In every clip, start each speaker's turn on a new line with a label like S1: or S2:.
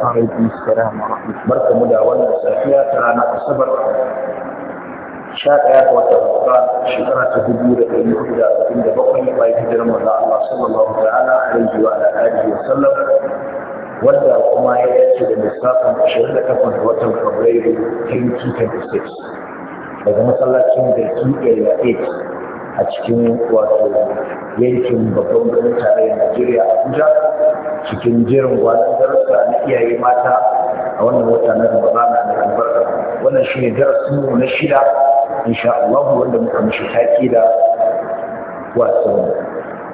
S1: alaikum assalam wa rahmatullahi da wannan safiya ta ranar asabar sha ɗaya ga watan Ramadan shekara ta dubu da ɗari hudu da arba'in da bakwai ya bayan hijirar manzon Allah sallallahu ta'ala alaihi wa da alihi wa sallam wanda kuma ya dace da lissafin ashirin da takwas ga watan Fabrairu 2026 daga masallacin da Kiɗa 8 a cikin wato yankin babban birnin tarayyar Najeriya Abuja cikin jerin gwanon darussa na iyaye mata a wannan wata na Ramadana na albarka wannan shine darasin mu na shida insha Allah wanda muka mishi taki da wato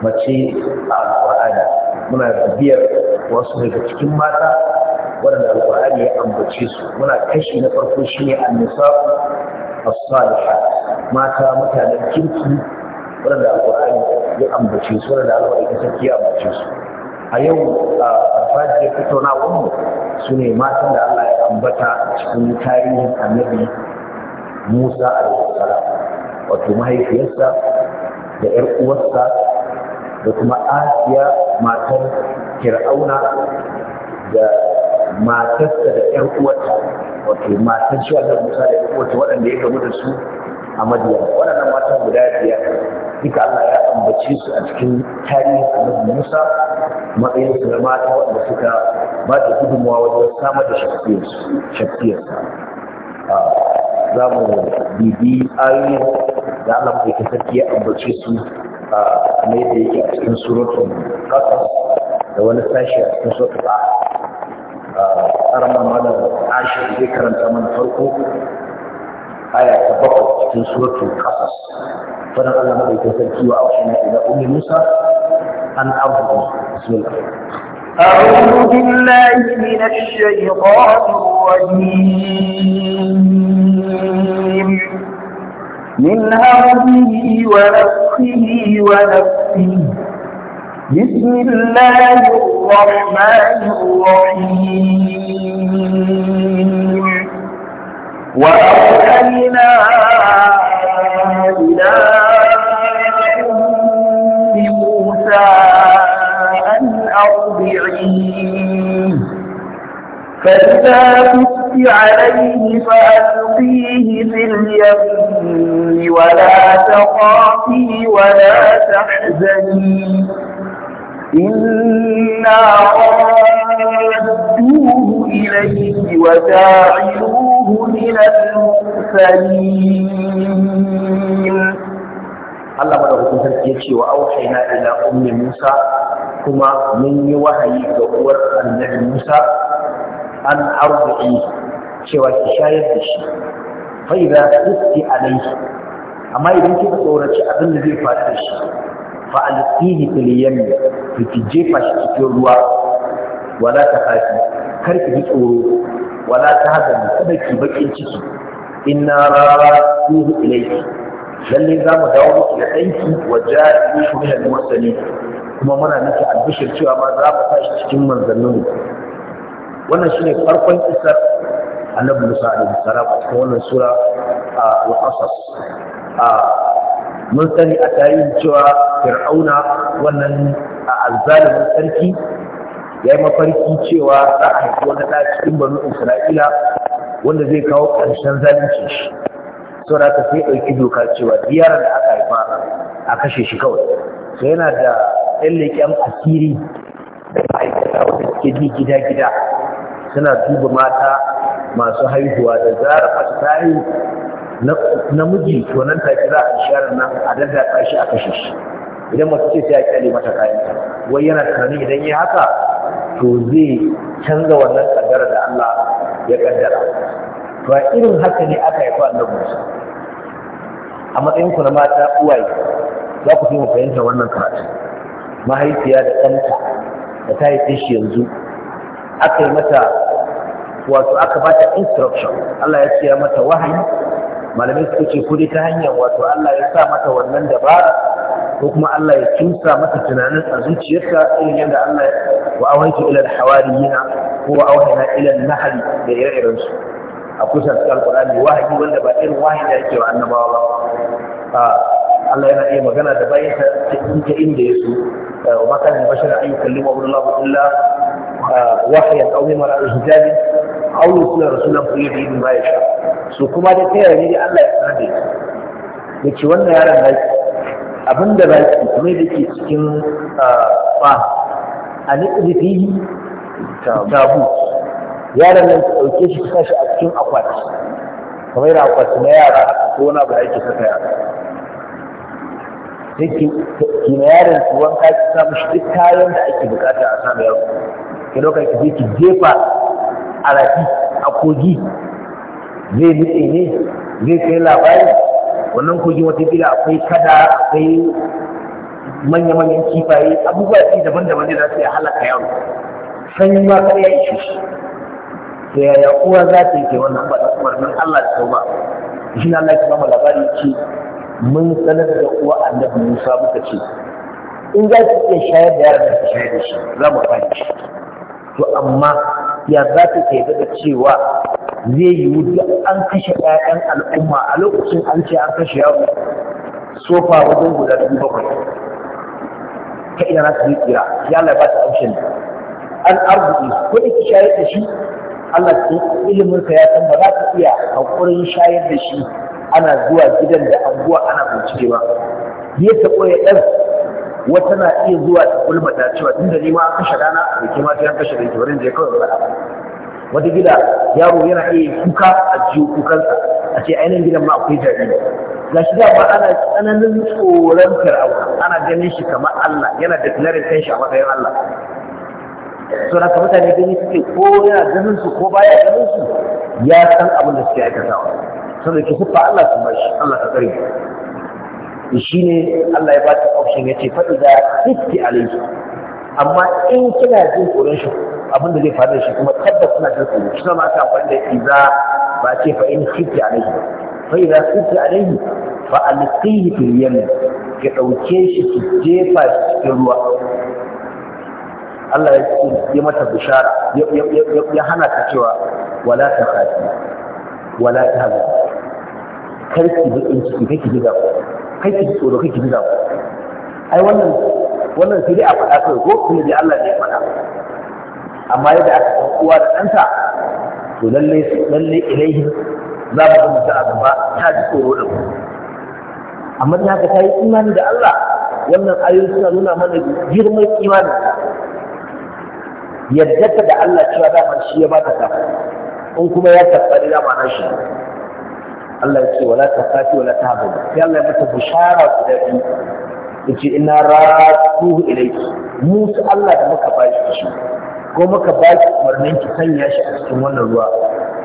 S1: mace a Qur'ani muna biyar wasu daga cikin mata waɗanda qurani ya ambace su muna kashi na farko shine an-nisa as-salihat mata mutanen kirki waɗanda alƙur'ani ya ambace da waɗanda alƙur'ani sarki ya ambace su a yau a fito na mu su ne matan da Allah ya ambata cikin tarihin annabi Musa alaihissalam wato mahaifiyarsa da ‘yar uwarsa da kuma Asiya matar Fir'auna da matarsa da ‘yar uwarta wato matar shi Musa da ‘yar uwarta waɗanda ya gamu da su a madiyar waɗannan matan guda biyar duka Allah ya ambace su a cikin tarihin annabi Musa matsayin su na mata wanda suka ba da gudunmawa wajen samar da shafiyarsa ah, za mu bibi ayoyin da Allah mai sarki ya ambace su a ne da yake a cikin suratun kasas da wani sashi a cikin suratun a ah, Karamar Malam ashirin zai karanta mana farko aya ta bakwai cikin suratul qasas fadan Allah madaukakin a wa aushina ila ummi Musa an arzu bismillah
S2: أعوذ بالله من الشيطان الرجيم من همه ونفخه ونفسه بسم الله الرحمن الرحيم وأوحينا إلى أم موسى أن أرضعيه فإذا عليه فألقيه في اليمين ولا تخافي ولا تحزني إنا ردوه إليه وجاعلوه من المرسلين
S1: Allah madaukakin sarki ya ce wa auhayna ila ummi Musa kuma mun yi wahayi ga uwar annabi Musa an arzuki cewa ki shayar da shi fa idza tusti alayhi amma idan kika tsoraci abin da zai faru da shi fa alqihi fil yammi ki jefa shi cikin ruwa wala ta kafi kar ki tsoro wala ta hazani kada ki bakin ciki inna rawahu ilayki lalle za mu dawo miki da danki wa ja'ilu min al-mursalin kuma muna miki albishir cewa ma za mu tashi cikin manzannin wannan shine farkon isar annabi Musa alaihi salam a cikin wannan sura al-Qasas mun sani a tarihin cewa fir'auna wannan a azzalimin sarki ya yi mafarki cewa za a haifi wani ɗa cikin banu isra'ila wanda zai kawo ƙarshen zalunci shi sau da sai ɗauki doka cewa yaran da aka haifa a kashe shi kawai sai yana da ɗan asiri da ma'aikata wanda suke bi gida-gida suna duba mata masu haihuwa da zarar masu ta namiji to nan za a sharar nan a daga ƙarshe a kashe shi idan masu ce ta kyale mata kayan wai yana tunanin idan ya haka to zai canza wannan kaddara da Allah ya kaddara to a irin haka ne aka yi haifa da musu a matsayin ku na mata uwaye za ku fi mu fahimta wannan karatu mahaifiya da ɗanta da ta yi shi yanzu aka yi mata wato aka ba ta instruction Allah ya ce mata wahayi malamai suka ce kudi ta hanyar wato Allah ya sa mata wannan dabara ko kuma Allah ya cusa mata tunanin a zuciyarta irin yadda Allah ya wa awaitu ila al-hawariyina ko wa awhina ila al da ire-iren su a kusa da alqur'ani wahayi wanda ba irin wahayi da yake wa annabawa ba Allah yana iya magana da bayan ta inda ya so wa makan bashar ayyukan limu abdullahi illa wahyan aw mimma hijabi aure suna rasulan ku yi bin baya sha su kuma da ta yare da Allah ya sanar da ya ce wannan yaron na abin da ba ki kuma da ke cikin ba ah, a niɗi fihi tabu yaron nan ta ɗauke shi ta shi a cikin akwati kamar yana akwati na yara haka ko wani abu da ake saka yara sai ki na yaron ki wanka ki samu shi duk kayan da ake bukata a samu yaro ki ɗauka ki je ki jefa a a kogi zai nutse ne zai kai labari wannan kogi wata watakila akwai kada akwai manya-manyan kifaye abubuwa fi daban-daban da za su yi halaka yaro sanyi ma kare ya ishe shi ya yaya uwa za ta yi ke wannan ba da nan Allah ta tauba shi na Allah ya labari ce mun sanar da uwa annabi Musa muka ce in za ki iya shayar da yaran da shayar da shi za mu fara to amma ya za ta kai da cewa zai yiwu duk an kashe 'ya'yan al'umma a lokacin an ce an kashe yaro sofa wajen guda dubu bakwai ta ina na su tsira ya laba ta amshin an arziki ko da ki shayar da shi Allah cikin ilimin ka ya san ba za ta iya hakurin shayar da shi ana zuwa gidan da anguwa ana bincike ba ya taɓo ya ɗan wata na iya zuwa ta gulmata cewa tun da nima kashe rana a ma sai an kashe ranki bari je kawai ba wata gida yaro yana iya kuka a jiyo kukansa a ce ainihin gidan ma akwai jariri ga shi da ba ana tsananin tsoron fir'auna ana ganin shi kamar Allah yana da kilarin kanshi a matsayin Allah so na kamata ne gani suke ko yana ganin su ko baya ganin su ya san abin da suke aikatawa saboda ke siffa Allah sun bashi Allah ta tsare shi ne Allah ya bata option ya ce faɗi da hitti alaiki amma in kina jin tsoron shi abin da zai faru da shi kuma tabbas suna jin tsoron shi ma aka amfani da iza ba ce fa in hitti alaiki fa iza hitti alaiki fa alqihi fil yamin ki dauke shi ki jefa shi cikin ruwa Allah ya mata bishara ya hana ta cewa wala ta khafi wala ta Kar ki karki in ciki kake ji da kai ki tsoro kai ki ji damu ai wannan wannan sai dai a faɗa kai ko kuma dai Allah ne ya faɗa amma yadda aka san uwa da ɗanta to lalle lalle ilaihi za mu ga mutum a gaba ta ji tsoro da ku amma da haka ta yi imani da Allah wannan ayoyi suna nuna mana girman imanin yadda da Allah cewa dama shi ya ba ta in kuma ya tabbari dama na shi Allah ya ce wala ta kafi wala ta hazo sai Allah ya mata bishara guda biyu ya ce ina ratu ilaiki mu su Allah da muka ba shi shi ko muka ba shi umarnin ki sanya shi a cikin wannan ruwa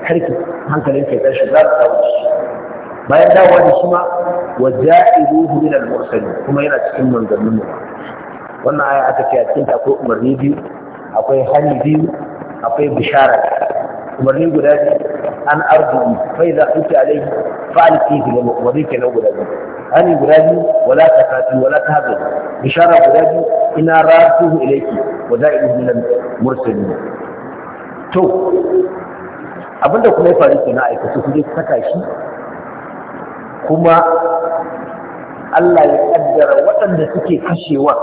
S1: kar ki hankalin ki tashi za ka dawo shi bayan dawowa da shi ma wa ja'iruhu min al-mursalin kuma yana cikin manzannin mu wannan aya aka ce a cikin ta akwai umarni biyu akwai hali biyu akwai bishara umarni guda biyu an ardu fa idza kunti alayhi fa'al fi bil wadi kana guda biyu hani guda biyu wala takati wala ta tahzan bishara guda biyu ina ratuhu ilayki wa da'idu min al mursalin to abinda kuma ya faru kenan aikata ku je saka shi kuma Allah ya kaddara waɗanda suke kashewa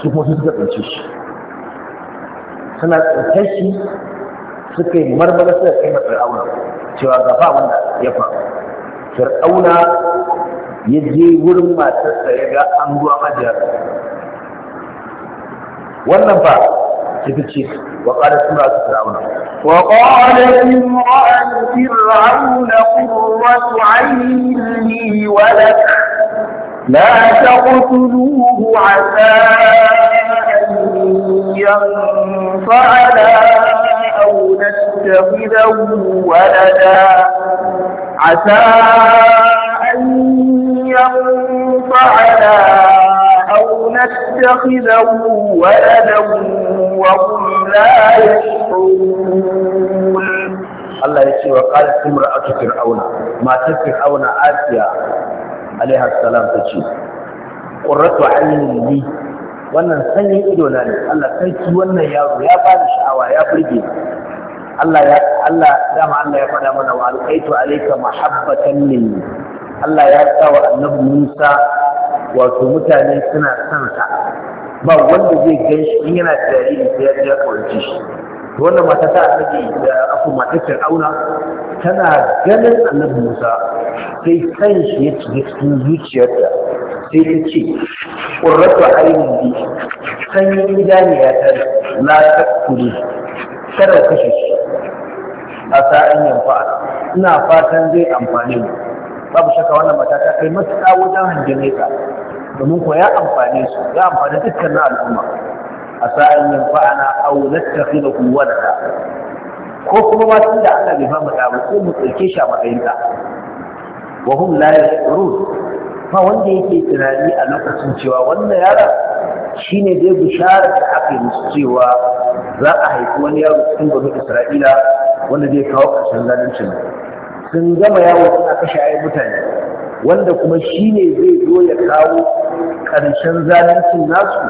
S1: su kuma suka tsince shi suna tsince shi suka yi marmara suka kai ma fir'auna cewa ba wanda ya faru fir'auna ya je wurin matarsa ya ga an ruwa majiyar wannan su ta ce wa ƙara suna su fir'auna وقالت
S2: امرأة فرعون قرة عين لي ولك لا تقتلوه عسى أن ينفعنا يتخذه ولدا عسى أن ينفعنا أو نتخذه ولدا وهم لا يشعرون الله يشير وقال
S1: امرأة فرعون ما فرعون آسيا عليها السلام تشي قرة عين لي wannan sanyin ido na ne Allah sarki wannan yaro ya bani sha'awa ya burge Allah ya Allah dama Allah ya faɗa mana wa alqaitu alayka mahabbatan minni Allah ya sa wa annabi Musa wato mutane suna son sa ba wanda zai gan shi in yana jariri sai ya ya kwanci shi wannan mata ta annabi da aku mata Fir'auna tana ganin annabi Musa sai kan shi ya cika cikin zuciyarta sai ta ce qurratu ayni sanyin idaniya ta la kada kashe shi a sa'an fa'a, ina fatan zai amfani mu babu shaka wannan mata ta kai matuƙa wajen hanjame ka domin ko ya amfane su ya amfani dukkan na al'umma a sa'an fa'a, na aunar tafi da kuwar ko kuma ma tun da Allah bai ba mu ko mu ɗauke shi a matsayin ɗa wa hum la yashurun ba wanda yake tunani a lokacin cewa wannan yara shi ne dai bisharar da aka yi musu cewa za a haifi wani yaro cikin gwamnati isra'ila wanda zai kawo ƙarshen zalincin sun gama yawo suna kashe ayi mutane wanda kuma shi ne zai zo ya kawo ƙarshen zaluncin nasu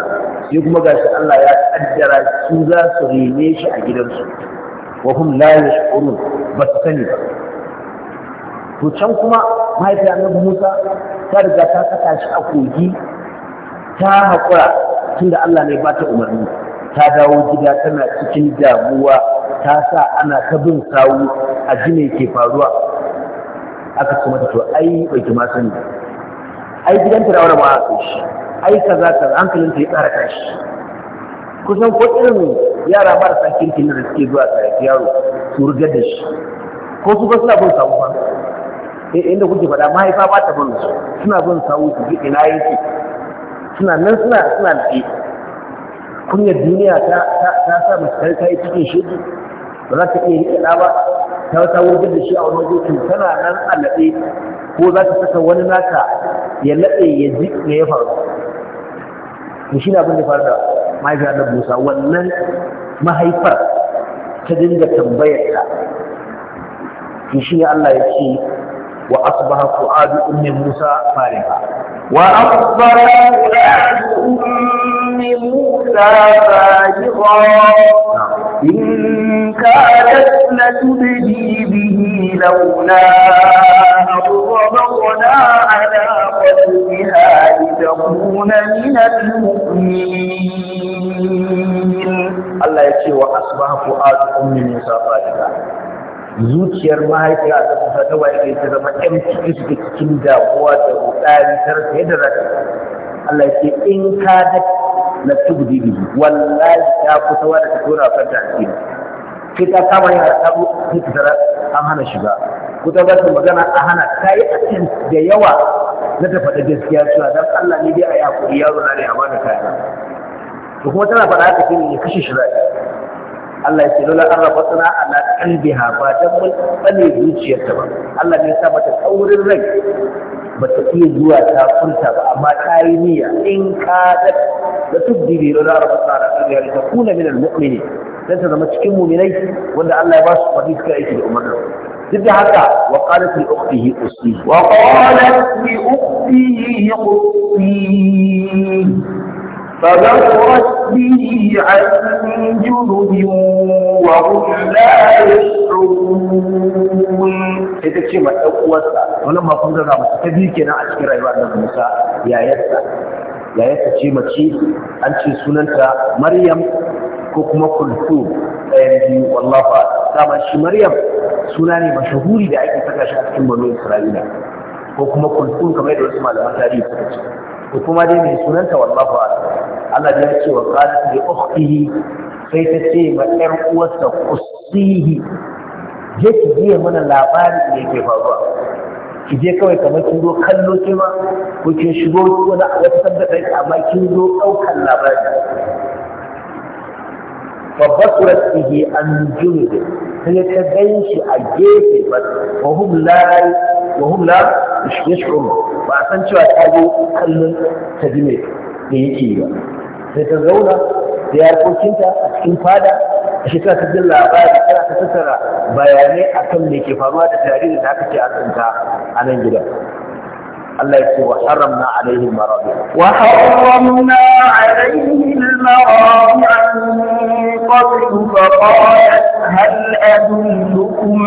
S1: sai kuma gashi Allah ya kaddara su za su rene shi a gidansu wa hum la yash'urun ba su sani ba to can kuma mahaifiyar na Musa ta riga ta saka shi a kogi ta haƙura tunda Allah ne ba ta umarni ta dawo gida tana cikin damuwa ta sa ana ta bin sawu a jini ke faruwa aka kuma ta to ai bai ki ma ai gidanta ta ba a kai shi ai kaza ka hankalin ta ya tsara kashi kusan ko irin yara marasa kirkin da suke zuwa tsarki yaro su riga da shi ko su ba suna bin sawu ba Eh, inda kuke faɗa mahaifa ba ta bunsu suna bin sawu su ji ina yake suna nan suna suna da kunyar duniya ta
S2: sa mace ta yi
S1: cikin shiri ba za ta iya yi ɗa ba ta wata wajen da shi a wani waje tana nan a laɗe ko za ta saka wani naka ya laɗe ya ji ya yi faru to shi na abin da faru da mahaifiyar da busa wannan mahaifar ta dinga tambayar ta to shi ne allah ya ce وأصبح فؤاد أم موسى فارغا وأصبح فؤاد
S2: أم موسى فارغا نعم. إن كادت لتبدي به لولا أضربنا على قلبها لتكون من المؤمنين الله يكفي وأصبح فؤاد أم موسى فارغا zuciyar mahaifiya
S1: a ta waye ne ta zama empty su da cikin damuwa da rudani ta rasa yadda za ta Allah ya ce in ka da na tubdi bihi wallahi ta kusa wa da ta a kanta a cikin sai ta kama yin hasabu sai ta tara an hana shiga ku ta magana a hana ta yi atin da yawa na ta faɗa gaskiya cewa dan Allah ne dai a yi hakuri yaro na ne a bani kaya to kuma tana faɗa haka ya kashe shi Allah ya ce lola an raba suna ala kalbiha ba don mun tsane zuciyarta ba Allah ne ya sa mata kaurin rai ba ta iya zuwa ta furta ba amma ta yi niyya in ka da da tubdi bi lola an raba suna ala kalbiha ta kuna min almu'mini dan ta zama cikin mu'minai wanda Allah ya ba su fadi suka aiki da umarnin duk da haka wa qalat li ukhtihi usti wa qalat li
S2: ukhtihi usti فبصرت به عن جنب وهم لا يشعرون
S1: sai ta ce ma ɗan uwarsa wannan ma kun gaza mace ta biyu kenan a cikin rayuwar da Musa yayarsa yayarsa ce mace an ce sunanta Maryam ko kuma Kulthum ɗayan biyu wallahi dama shi Maryam suna ne mashahuri da ake saka shi a cikin Bani Isra'ila ko kuma Kulthum kamar da wasu malaman tarihi suka ce ko kuma dai mai sunanta wallahu Allah ya ce wa qalat li ukhtihi sai ta ce ma ƴar uwarsa qussihi je ki biya mana labarin da yake faruwa ki je kawai kamar kin zo kallo ke ma ko kin shigo wani wata tabbata amma kin zo ɗaukan labari فبصرت به عن Ba فيتبين عجيب وهم لا وهم لا يشعرون ta شوى da yake yi ba. sai ta zauna da yarkokinta a cikin fada a shekara ta jin labari tana ta tattara bayanai a kan me ke fama da jaririn da aka ce a tsanta a nan gidan الله يقول وحرمنا عليه المراضع وحرمنا
S2: عليه المراضع من قبل فقالت هل أدلكم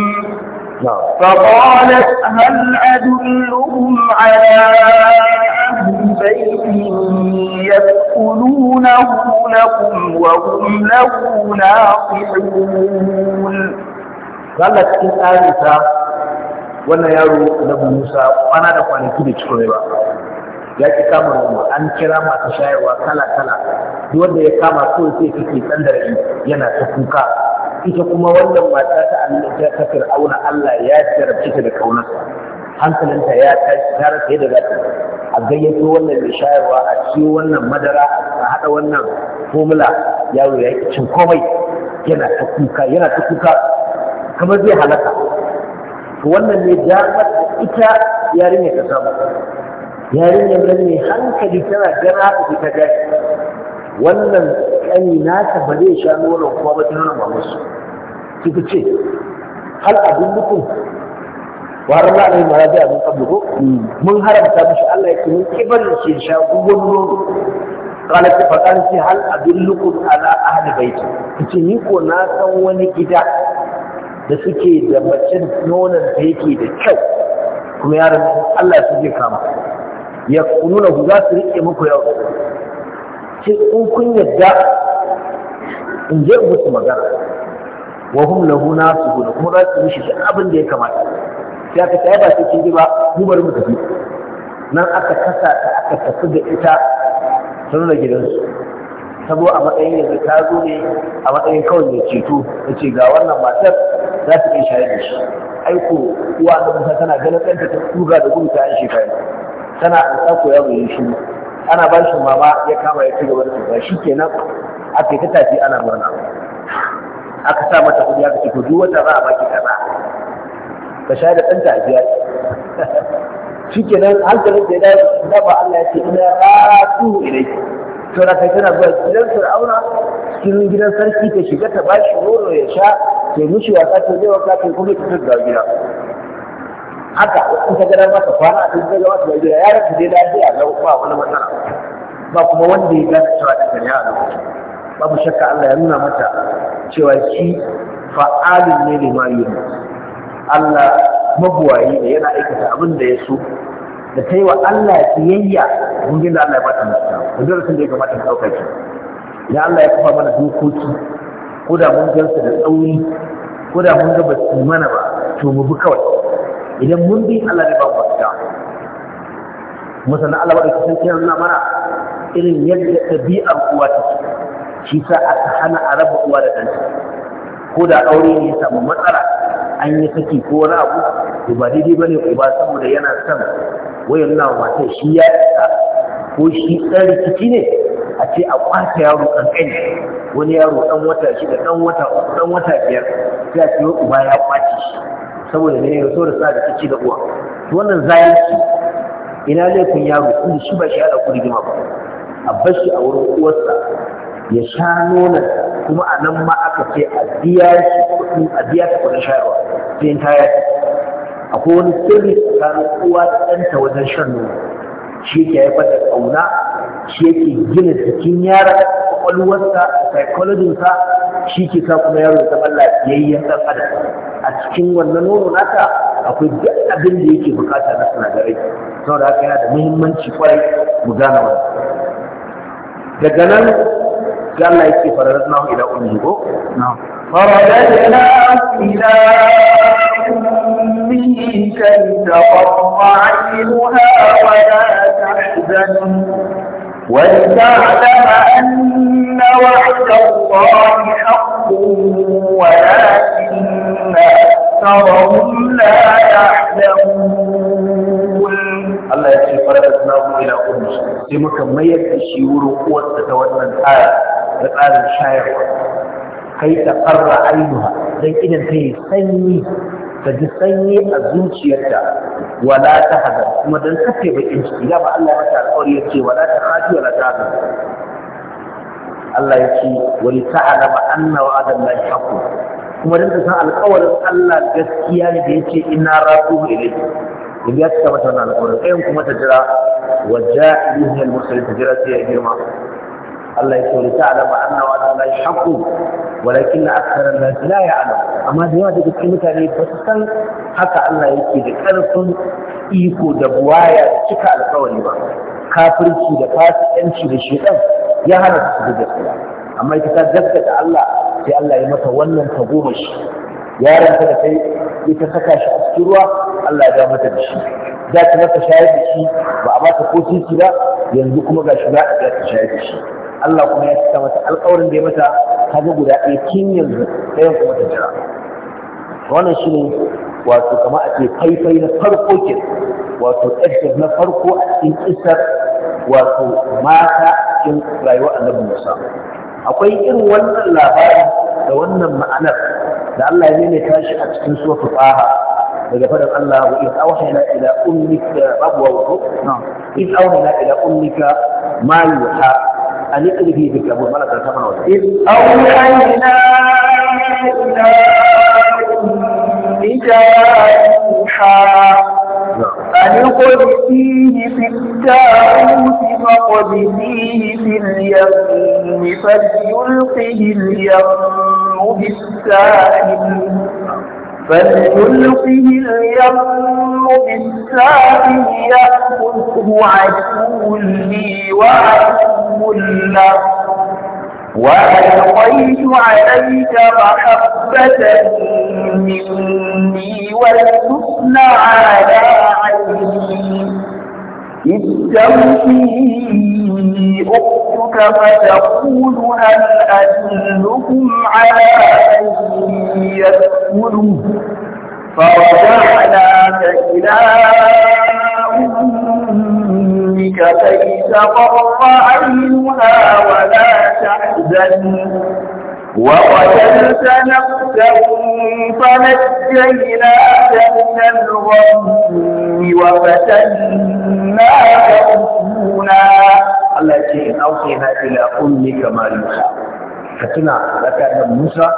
S2: فقالت هل أدلهم على أهل بيت يسكنونه لكم وهم له ناصحون Allah cikin tsarinsa
S1: wannan yaro na Musa kwana da kwanaki da cikin rai ba ya ki kama ruwa an kira masu shayarwa kala kala duk wanda ya kama kawai sai kike san da yana ta kuka ita kuma wannan mata ta Allah ta kafir Allah ya jarabce ta da kaunarsa hankalinta ya tashi ta rasa yadda za ta a gayyato wannan mai shayarwa a ci wannan madara a haɗa wannan fomula, yaro ya yi cin komai yana ta kuka yana ta kuka kamar zai halaka to wannan ne damar ita yarinya ta samu yarinyar nan mai hankali tana gana haka ta gashi wannan ƙani ta ba zai sha nonon kuma ba ta nuna mamusu su ta ce hal adullukum wa haram na alaihi marabi abin kablu ko mun haramta mishi Allah ya kuma kibar ke sha gugun nono kala ce hal abin adullukum ala ahli baiti ce ni ko na san wani gida da suke da macen nonon da yake da kyau kuma yaran Allah su je kama ya kununa ku za su rike muku yau ce in kun yadda in je musu magana wa hum lahu da kuma za su mishi duk abin da ya kamata sai aka tsaya ba sai kiji ba mu bari mu tafi nan aka kasa aka tafi da ita sun da gidansu sabo a matsayin yanzu ta zo ne a matsayin kawai mai ceto ta ce ga wannan matar za su iya shayar da shi aiko uwa na musa tana ganin ɗanta ta tuga da gudu ta yan shekaru tana an tsako ya mai shi ana ba shi mama ya kama ya ci gaba da shi kenan aka yi ta tafi ana murna aka sa mata kuɗi aka ce to duk wata za a baki kaza ka sha da ɗanta a biya shi kenan hankalin da ya dawo da ba Allah ya ce ina ratu ilai to na kai tana zuwa gidan Fir'auna cikin gidan sarki ta shiga ta bashi nono ya sha ta mushi wasa ta zai wasa ta kuma ta tura gida haka in ta gada masa kwana a cikin gaba ta gida ya rasu dai lafiya lau ba wani matsala ba kuma wanda ya gane cewa ta kariya a lokacin babu shakka Allah ya nuna mata cewa shi fa'alin ne ne ma yi Allah mabuwayi ne yana aikata abin da ya so da ta yi wa Allah tsiyayya gungin da Allah ya bata mata da darasin da ya kamata da ɗauka shi idan Allah ya kafa mana dokoki ko da mun gansu da tsauri ko da mun ga mana ba to mu bi kawai idan mun bi Allah ya ba mu fita Allah ba da kiran mana irin yadda ɗabi'ar uwa take shi sa aka hana a raba uwa da ɗanta ko da aure ne ya samu matsala an yi saki ko wani abu to ba daidai bane uba saboda yana son wayan na matan shi ya isa ko shi ɗan rikici ne a ce a kwata yaro kankani wani yaro ɗan wata shi da ɗan wata ɗan wata biyar sai a ce uba ya kwace shi saboda ne ya so da sa ci da uwa to wannan zalunci ina laifin yaro kuma shi ba shi ana kurgima ba a bashi a wurin uwarsa ya sha nuna kuma a nan ma aka ce a biya shi kuɗi a biya ta kuɗin shayarwa sai in tayar akwai wani sirri tsakanin uwa da ɗanta wajen shan nono shi yake haifar da ƙauna shi yake gina jikin yaron ƙwaƙwalwarsa psychologinsa shi ke sa kuma yaro ya zama lafiyayyen ɗan adam a cikin wannan nono nata akwai duk abin da yake bukata na sinadarai saboda haka yana da muhimmanci kwarai mu gane wannan daga nan قال لا يكفي fararar إلى أمه
S2: ummi نعم. فرددناه إلى أمه كي تقر عينها ولا تحزن ولتعلم أن وعد الله حق ولكن أكثرهم لا
S1: يعلمون الله يكفي فرددناه إلى أمه سمك ما يكفي شيور قوة تتولى الآية da tsarin shayarwa kai ta farra ainuha don idan ta yi sanyi ta ji sanyi a zuciyarta wala ta hazar kuma don kafe bakin ciki dama Allah ya ta alƙawari ya ce wala ta haji wala ta hazar Allah ya ce wani ta'alama anna wa'adan la haqqu kuma don ta san alƙawarin Allah gaskiya ne da ya ce ina raqu ilayhi in ya ta mata wannan alƙawarin ayin kuma ta jira wa ja'iluhu al-mursalin ta jira sai ya girma Allah ya ce ta alama anna wa Allah ya haƙu walakin akthara nas la ya'lam amma da yawa daga cikin mutane ba su san haka Allah yake da ƙarfin iko da ya cika alƙawari ba kafirci da fasikanci da shedan ya hana su da gaskiya amma ita ta gaskata Allah sai Allah ya mata wannan shi. yaron ta da kai ita saka shi a cikin ruwa Allah ya mata da shi za ta mata shayar da shi ba a mata ko titi ba yanzu kuma ga shi za ta shayar da shi Allah kuma ya cika mata alƙawarin da ya mata kaga guda ɗaya tun yanzu ɗaya kuma ta jira wannan shine wato kama a ce faifai na farko ke wato ƙarshe na farko a cikin kisar wato mata cikin rayuwa annabi Musa akwai irin wannan labarin da wannan ma'anar da Allah ya nuna tashi a cikin suratul Taha daga fadar Allah wa in auhayna ila ummika babu wa in auhayna ila ummika ma yuha ani alibi bi gamu mala da tabana wa in aw ayna
S2: ila ija ha فليلقه اليم بالساحل يأخذه عدو لي وعدو له وألقيت عليك محبة مني ولتصنع على عيني إذ تمشي أختك فتقول هل أدلكم على من يسكنه فرجعناك إلى أمك كي تقر عينها ولا تحزن
S1: وقتلت
S2: نفسا فنجيناك من الغم وفتناك فتونا الله يقول أوحينا إلى أمك ما يوحى فتنا لك أن
S1: موسى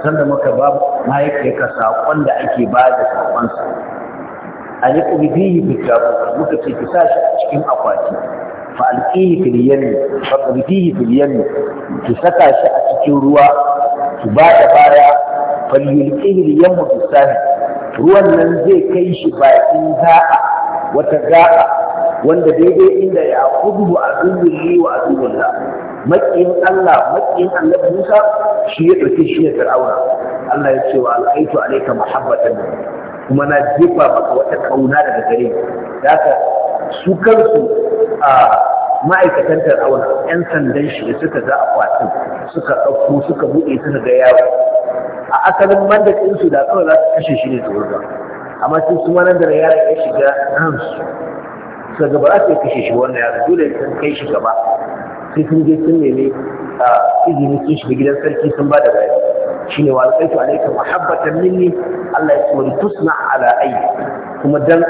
S1: sannan maka babu mahaifiyarka saƙon da ake ba da saƙonsa a yi ƙubi biyu muka ce ki sa shi cikin akwati Fa fa فألقيه في اليم فقذفيه في اليم تسكى شأتك الروا تبات بايا فليلقيه اليم في الساحل ruwan nan zai kai shi bakin za'a wata ga'a wanda daidai inda ya kudu a dubin wa dubin da Makin Allah makin Allah Musa shi ya ɗauki shi ya fir'auna Allah ya ce wa alaitu alayka muhabbatan kuma na jefa maka wata kauna daga gare ka su kansu a ma'aikatan tarawar 'yan sandan shi da suka za a kwatin suka ɗauko suka buɗe suka ga yawo a asalin ɗin su da kawai za su kashe shi ne da wurin amma sun su manar da yaron ya shiga hansu suka gaba za su kashe shi wannan yaro dole sun kai shi gaba sai sun je sun nemi a izini sun shiga gidan sarki sun ba da bayani shine wa ka alayka mahabbatan minni Allah ya tsori tusna ala aini kuma dan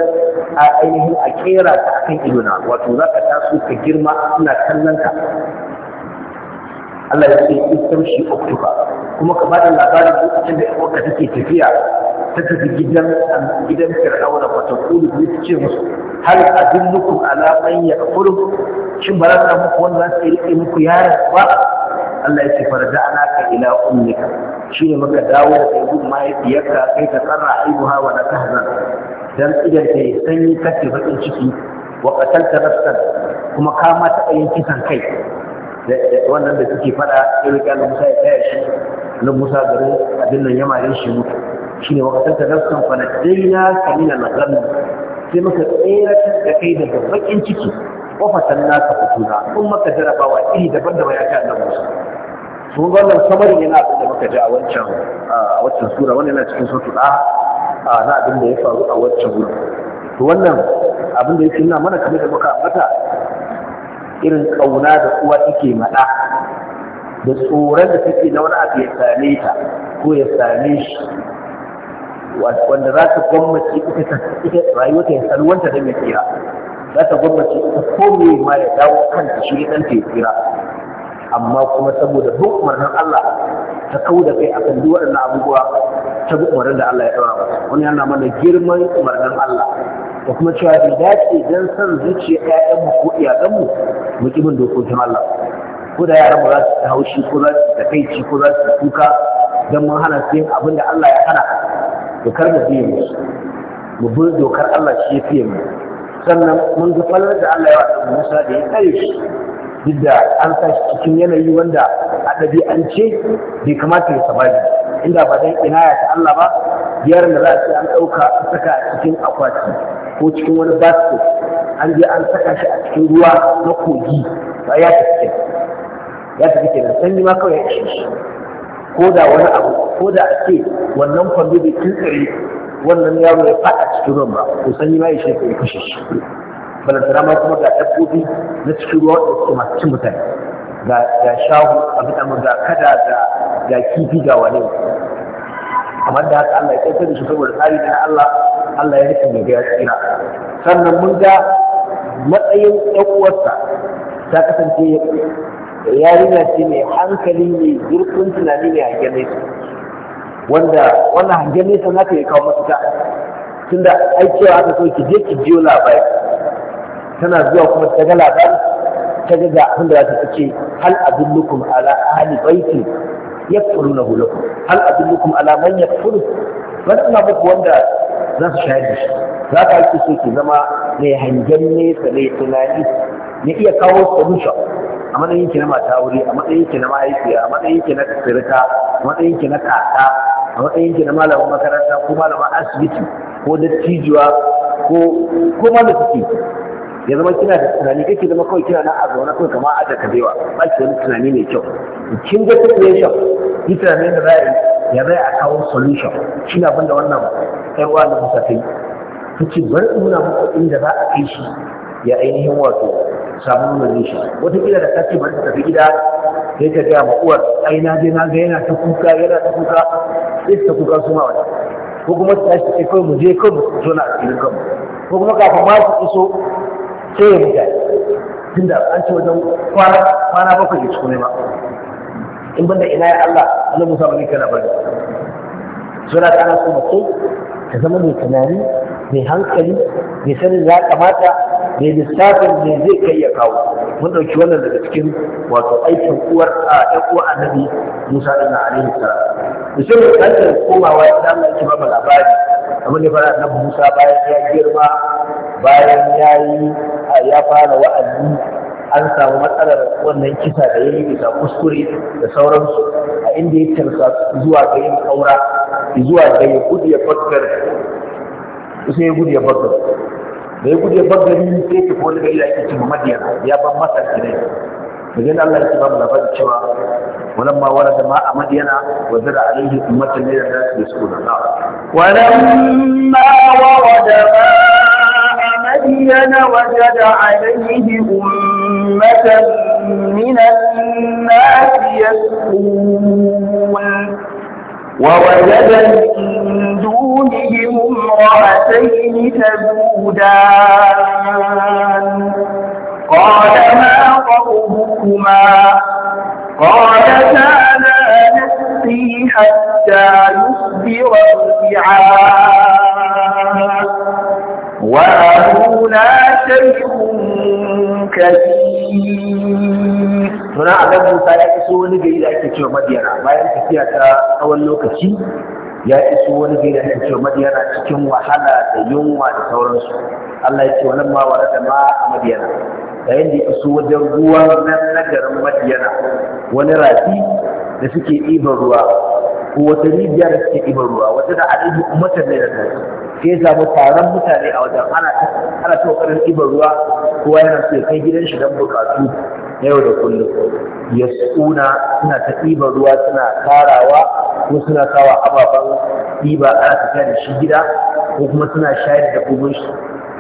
S1: a ainihin a kera a akan idona wato ka taso ka girma ina kallon ka Allah ya ce istamshi uktuba kuma ka bada labarin lokacin da ka take tafiya ta tafi gidan gidan fir'auna fa ta kulu ne ce musu hal adullukum ala man yakfuru shin ba za ta muku wanda za su muku yaran ba Allah ya ce ana ka ila ummika shine muka dawo da kai gudun mahaifiyarka kai ka tsara aibuha wa la tahzan dan idan ta yi sanyi kace bakin ciki wa qatalta nafsan kuma ka ma taɓa yin kisan kai wannan da suke faɗa irin kan Musa ya tsaya shi nan Musa gari abin nan ya mare shi mutu ne wa qatalta nafsan fa nadaina ka min na sai muka tsere da kai daga bakin ciki wafatan naka fituna kun maka jarabawa iri daban da ya kai annabi Musa to wannan samari yana abin da muka ji a wancan a wancan sura wannan yana cikin suratul a na abin da ya faru a wancan gudu to wannan abin da yake nuna mana kamar da muka ambata irin kauna da uwa take mada da tsoron da take na wani abu ya same ta ko ya same shi wanda za ta gwammace ita rayuwa ta ya salwanta da mai kira za ta gwamnati ta kome ma ya dawo kanta shi ɗan ta tsira amma kuma saboda duk umarnin Allah ta kau da kai akan duk waɗannan abubuwa ta bi umarnin da Allah ya ɗaura mata wani yana mana girman umarnin Allah da kuma cewa bai dace don son zuciya ƴaƴanmu ko iyalanmu mu ki bin dokokin Allah ko da yaran mu za su haushi ko za su takaici ko za su kuka don mun hana su yin abin da Allah ya hana dokar da biye musu mu bi dokar Allah shi ya fiye mu sannan mun ga falar da Allah ya wata Musa da ya kare shi duk da an sa shi cikin yanayi wanda a ɗabi'ance bai kamata ya saba inda ba dan inaya ta Allah ba biyar da za a ce an ɗauka a saka a cikin akwati ko cikin wani basket an je an saka shi a cikin ruwa na kogi ba ya tafi ya tafi kenan sanyi ma kawai ya ishe shi ko da wani abu ko da a ce wannan kwando bai tsare wannan yaro ya fada cikin ruwan ba to sanyi ma ya shi ya kashe shi da ma kuma ga dabbobi na cikin ruwa da suke masu cin mutane ga ga shahu abin amma ga kada ga ga kifi ga wani amma da haka Allah ya kai da shi saboda tsari na Allah Allah ya rike mai ga tsira sannan mun ga matsayin ɗan ta kasance yarinya ce mai hankali mai zurfin tunani ne a gane su wanda wannan hangen nesa na ka yi kawo mafita tun da aikewa aka so ki je ki biyo labari tana zuwa kuma ta ga labari ta ga ga abin da za ta ce hal abin adullukum ala ahli baiti na lakum hal abin adullukum ala man yakfuru bari ina muku wanda za su shayar da shi za ka ake so ki zama mai hangen nesa mai tunani ne iya kawo solution a matsayin ki na mata wuri a matsayin ki na mahaifiya a matsayin ki na tsirka a matsayin ki na kasa. a matsayin ki na malamin makaranta ko malamin asibiti ko dattijuwa ko ko malami ya zama kina da tunani kake zama kawai kina na a zaune kawai kamar aka kabewa ba ki wani tunani mai kyau kin ga situation ki tunani da za a ya zai a kawo solution shi na banda wannan ƴar uwa da kusa kai. yi ta muna nuna muku inda za a kai shi ya ainihin wato samu wani shi wataƙila da kace bari ta tafi gida sai ta gaya ma uwar ai na je na ga yana ta kuka yana ta kuka sai ta kuka su ma wata ko kuma ta shi ta kai mu je kawai mu zo na asirin kanmu ko kuma kafin ma su iso sai ya mutane tunda an ce wajen kwana bakwai ya ci kuma ba in banda ina ya Allah Allah Musa bane kana bari suna ta ana so mace ta zama mai tunani mai hankali mai sanin ya kamata mai lissafin mai zai kai ya kawo mun ɗauki wannan daga cikin wato aikin uwar a ɗan uwa annabi musa ɗan alaihi salam da sai kan komawa ya samu yake ba labari a da fara annabi musa bayan ya girma bayan ya yi ya fara wa'azi an samu matsalar wannan kisa da ya yi bisa kuskure da sauransu a inda ya tarsa zuwa ga yin kaura zuwa ga ya gudu ya sai ya gudu ya bar gari da ya gudu ya bar gari sai tafi wani gari da ake cewa madiyana ya ban masa kinai wajen Allah ya ba mu labarin cewa ولما ولد ماء مدين وزرع عليه أمة من الناس يسكن النار ولما
S2: ورد ماء مدين وجد عليه أمة من الناس يسكون
S1: ووجد
S2: من دونهم امرأتين تبودان قال ما قربكما قال لا نسقي حتى يصبر الدعاء
S1: وأبونا
S2: شيخ كثير
S1: Tuna a Musa ya iso wani gari da ake cewa Madiyana bayan tafiya ta tsawon lokaci ya iso wani gari da ake cewa cikin wahala da yunwa da sauransu. Allah ya ce wa nan ma wa da ma a Madiyana. ya iso wajen ruwan nan na garin wani rafi da suke ɗiban ruwa ko wata da suke ɗiban ruwa wata da adadin umatar ne sai ya samu taron mutane a wajen ana ta kokarin ɗiban ruwa kowa yana so ya kai gidan shi don bukatu na yau da kullum ya suna suna ta ɗiban ruwa suna tarawa ko suna sawa ababen ɗiba ana tafiya da shi gida ko kuma suna shayar da dabbobin shi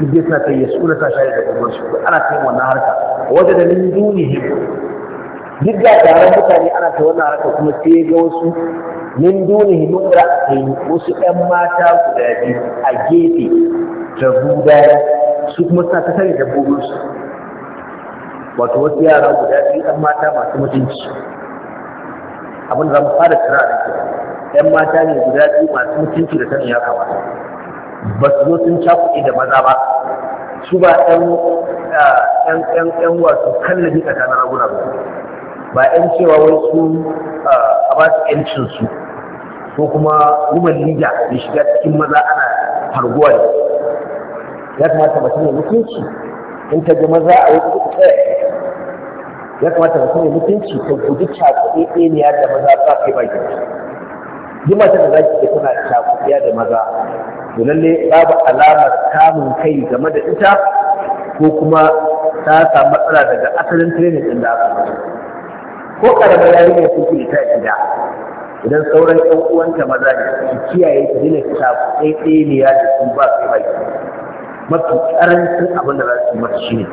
S1: duk dai suna kai ya suna sa shayar da dabbobin shi ana kai wannan harka wajen da min dunihim duk da taron mutane ana ta wannan harka kuma sai ya ga wasu min dunihi mun ra'ayin wasu ɗan mata guda biyu a gefe da daya su kuma sa ta tare dabbobinsu wato wasu yara guda biyu ɗan mata masu mutunci abin da za mu fara kira da ke ɗan mata ne guda biyu masu mutunci da sanin ya kamata ba su zo sun cakuɗe da maza ba su ba ɗan ɗan ɗan wasu kallabi tsakanin raguna ba ba 'yan cewa wai su a ba su ƴancinsu ko kuma women leader da shiga cikin maza ana harguwa ne ya kamata mutum ya mutunci in ta ga maza a yi kuka tsaya ya kamata mutum ya mutunci ta guji cakuɗe ɗaniya da maza ta kai ba gina duk mata da za ki ke tana cakuɗiya da maza to lalle babu alamar kamun kai game da ita ko kuma ta samu matsala daga asalin training ɗin da aka ko ƙaramar yayin ne sun ta gida idan sauran 'yan uwanta maza ne su kiyaye su dina ta tsaitsaye ne ya da su ba su bai mafi karancin abin da za su mata shi ne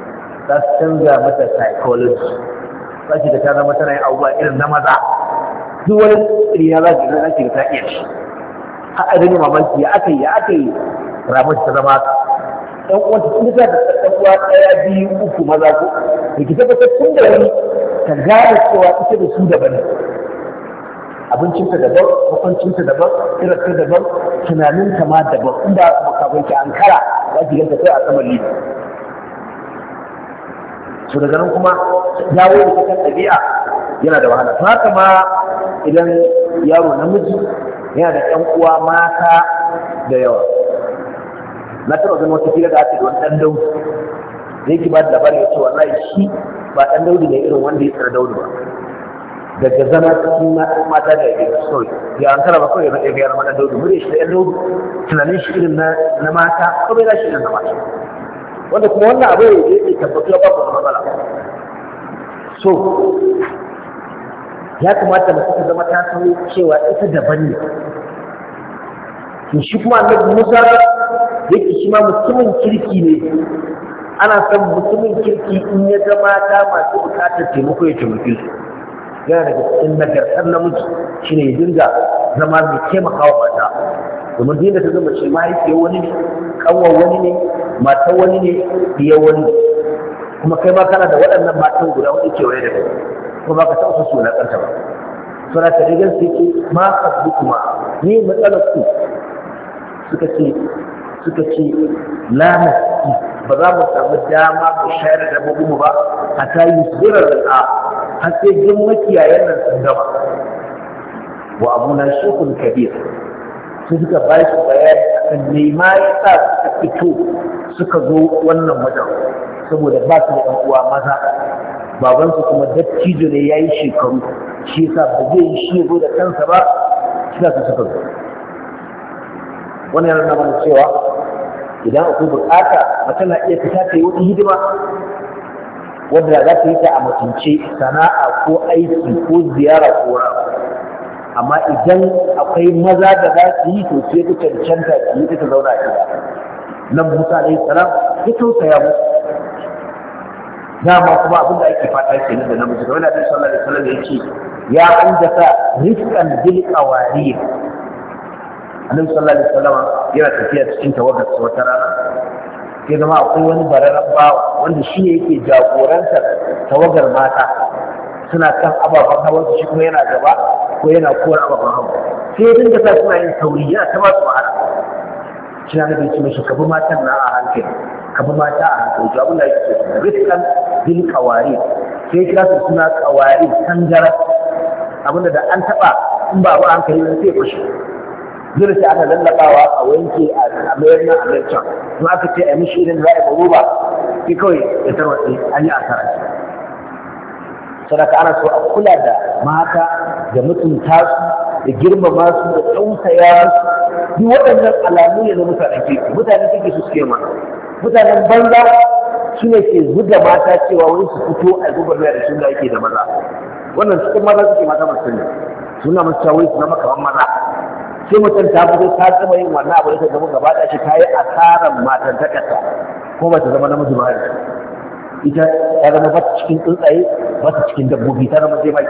S1: za su canza mata psychology za su da ta zama tana yin abubuwa irin na maza duk wani tsiriya za su za su ta iya shi a adani mamaki ya aka yi ya aka yi ramar ta zama ɗan uwanta sun ta da uwa ɗaya biyu uku maza ko da ki tabbatar tun da wani ta gane cewa ita da su daban ne abincinta daban makwancinta daban kirarta daban tunaninta ma daban inda ke an kara za ki ganta kai a saman libya su daga nan kuma dawo da kakan ɗabi'a yana da wahala Ta kama idan yaro namiji yana da ƴan uwa mata da yawa na taɓa ganin wata fira da ake da wani ɗan daudu da yake ba da labarin ya ce wallahi shi ba ɗan daudu ne irin wanda ya tsara daudu ba daga zama cikin mata da yake kawai ya an kara ba kawai na ɗaya na ɗan daudu mure shi da ɗan daudu tunanin shi irin na mata kawai bai shi irin na mata wanda kuma wannan abu ya yi tabbatu ya babu matsala so ya kamata mu suka zama ta san cewa ita daban ne shi kuma na Musa yake shi ma mutumin kirki ne ana son mutumin kirki in ya zama ta masu bukatar taimako ya taimake su gane da cikin nagartar namiji shine ne dinga zama mai taimakawa mata domin duk da ta zama ce mahaifiyar wani ne kawo wani ne mata wani ne diyar wani ne kuma kai ma kana da waɗannan matan guda wani kewaye da kai kuma ba ka taɓa su suna ƙarta ba suna ta rigar su ce ma ka kuma ni matsalar su suka ce suka ce la ba za mu samu dama mu shayar da dabbobinmu ba a ta yi sirar da har sai jin makiyayen nan sun gama wa abu na shekun kabir Su suka ba shi bayani a nema ya sa suka fito suka zo wannan wajen saboda ba su da uwa maza babansu kuma dattijo ne ya yi shekaru shi yasa ba zai yi shi zo da kansa ba suna su suka zo Wani yana mana cewa idan akwai bukata mace na iya fita ta yi wata hidima wadda za ta yi ta a mutunce sana'a ko aiki ko ziyara ko wani amma idan akwai maza da za su yi to sai ku cancanta ki yi ta zauna a gida nan Musa alayhi salam ya tausaya musu dama kuma abin da ake fata kenan da namiji kamar da Annabi sallallahu alaihi wasallam ya ce ya anjasa rizqan bil qawariyah annabi sallallahu alaihi wasallam yana tafiya cikin tawagar wata rana ya zama akwai wani bararren bawa wanda shi ne yake jagorantar tawagar mata suna kan ababen hawa shi kuma yana gaba ko yana kowar ababen hawa sai ya dinga sa suna yin sauri yana ta ba su wahala shi na nabi ce mashi kabi matan na a hankali kabi mata a hankali to abin da yake ce riskan bil kawari sai kira su suna kawari sangara abinda da an taba in ba ba hankali sai ya fashe dole sai aka lallabawa a wanke a mayar na a su can in aka ce a yi mishi irin za'a babu ba sai kawai ya tarwatsi an yi asara shi sadaka ana so a kula da mata da mutunta su da girmama su da tausaya su duk waɗannan alamu ne na mutanen kirki mutanen kirki su suke mana mutanen banza su ne ke zuga mata cewa wani su fito a zubar da shi da yake da maza wannan cikin maza suke mata masu ne suna masu cewa wai su zama kamar maza sai mutum ta fito ta tsama yin wannan abu da ta zama gaba da shi ta yi asaran matan ta kasa ko ba ta zama namiji ba ne ita ta zama ba cikin tsuntsaye ba ta cikin dabbobi ta zama zai mai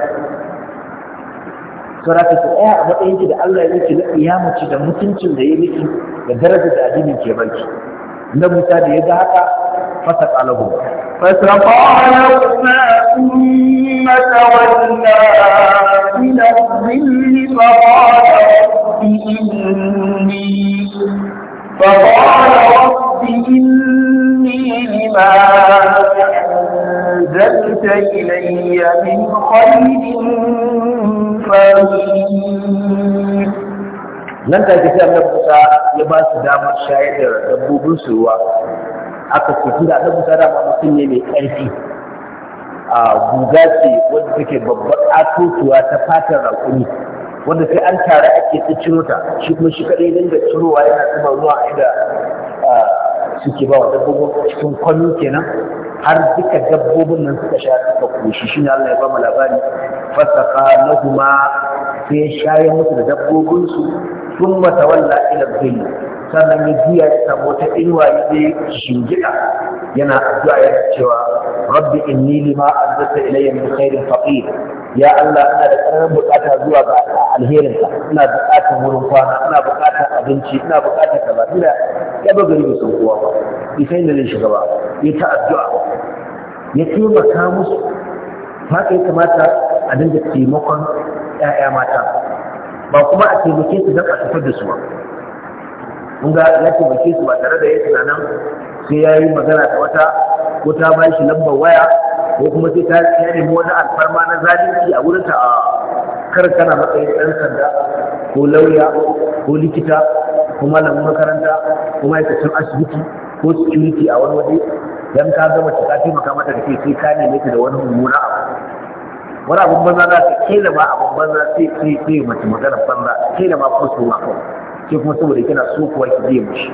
S1: sura ta ɗaya a matsayin ki da Allah ya miki na iyamaci da mutuncin da ya miki da darajar da addinin ke banki, na mutane da ya ga haka fasa ƙalabu فتطايرنا
S2: ثم تولى إلى الظل فقال رب إني فقال رب إني لما أنزلت إلي من خير فقير
S1: nan da ke sai Musa ya ba su damar shayar da dabbobin su ruwa aka ce tunda annabi Musa da ma mutum ne mai ƙarfi a guga ce wadda take babbar atotuwa ta fatar raƙumi wanda sai an tare ake ta ciro ta shi kuma shi kadai da cirowa yana zuba ruwa inda suke ba wa dabbobin cikin kwano kenan har duka dabbobin nan suka sha suka koshi shi ne Allah ya ba mu labari fasaka lahuma sai ya shayar musu da dabbobinsu sun matawalla ila billi sannan ya jiya ya samu wata inuwa ya je shingida yana addu'a yana cewa rabbi inni lima anzalta ilayya min khairin faqir ya Allah ina da ƙaramin bukata zuwa ga alherin ka ina bukatar wurin kwana ina bukatar abinci ina bukatar kaza ina ya ba gari sun kowa ba bai sai da zai shiga ya ta addu'a ya taimaka musu haka ya kamata a dinga taimakon 'ya'ya mata ba kuma a taimake su dan a tafi da su ba mun ga ya taimake su ba tare da ya nan sai ya yi magana da wata ko ta ba shi lambar waya ko kuma sai ta ya nemi wani alfarma na zalunci a wurinta a kar kana matsayin ɗan sanda ko lauya ko likita ko malamin makaranta ko ma'aikacin asibiti ko security a wani waje dan ka gama ta taimaka mata da ke sai ka neme ta da wani mummuna
S2: abu
S1: wani abun banza za ka kela ma abun banza sai sai mace magana banza kela ma kuma su ma kawai ke kuma saboda kina so kuwa ki biye mushi